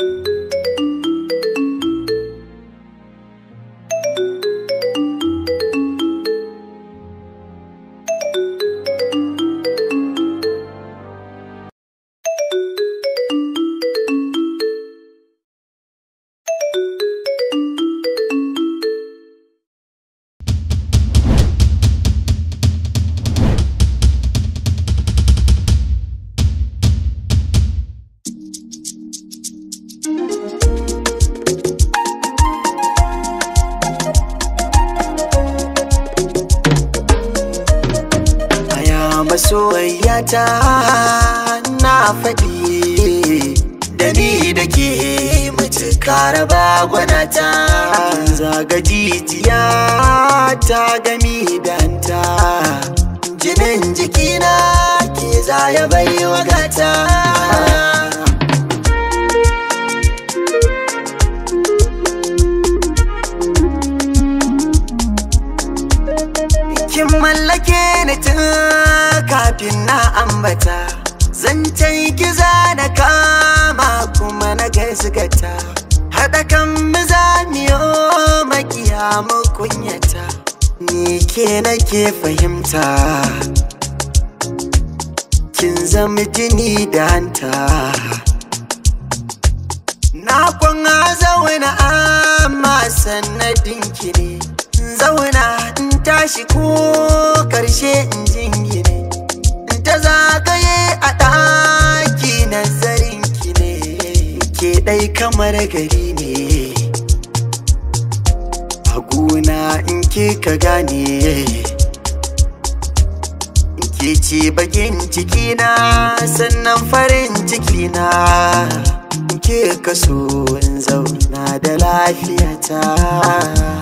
thank you ta na faɗi da ni da ke mace karaba ta. zaga jijiya ta gami danta jinin jikina ke zaya bai wagata kin mallake ni tun kafin na ambata zan kiza na kama kuma na gaisugata haɗa kan mu yi makiya mu kunyata ni ke nake fahimta kin zama jini da hanta na kwan zauna amma sannadin ki ne zauna in tashi ko karshe in je kai kamar gari ne a gona in ke ka gane in ke ce bakin cikina sannan farin cikina ke ka so in zauna da lafiyata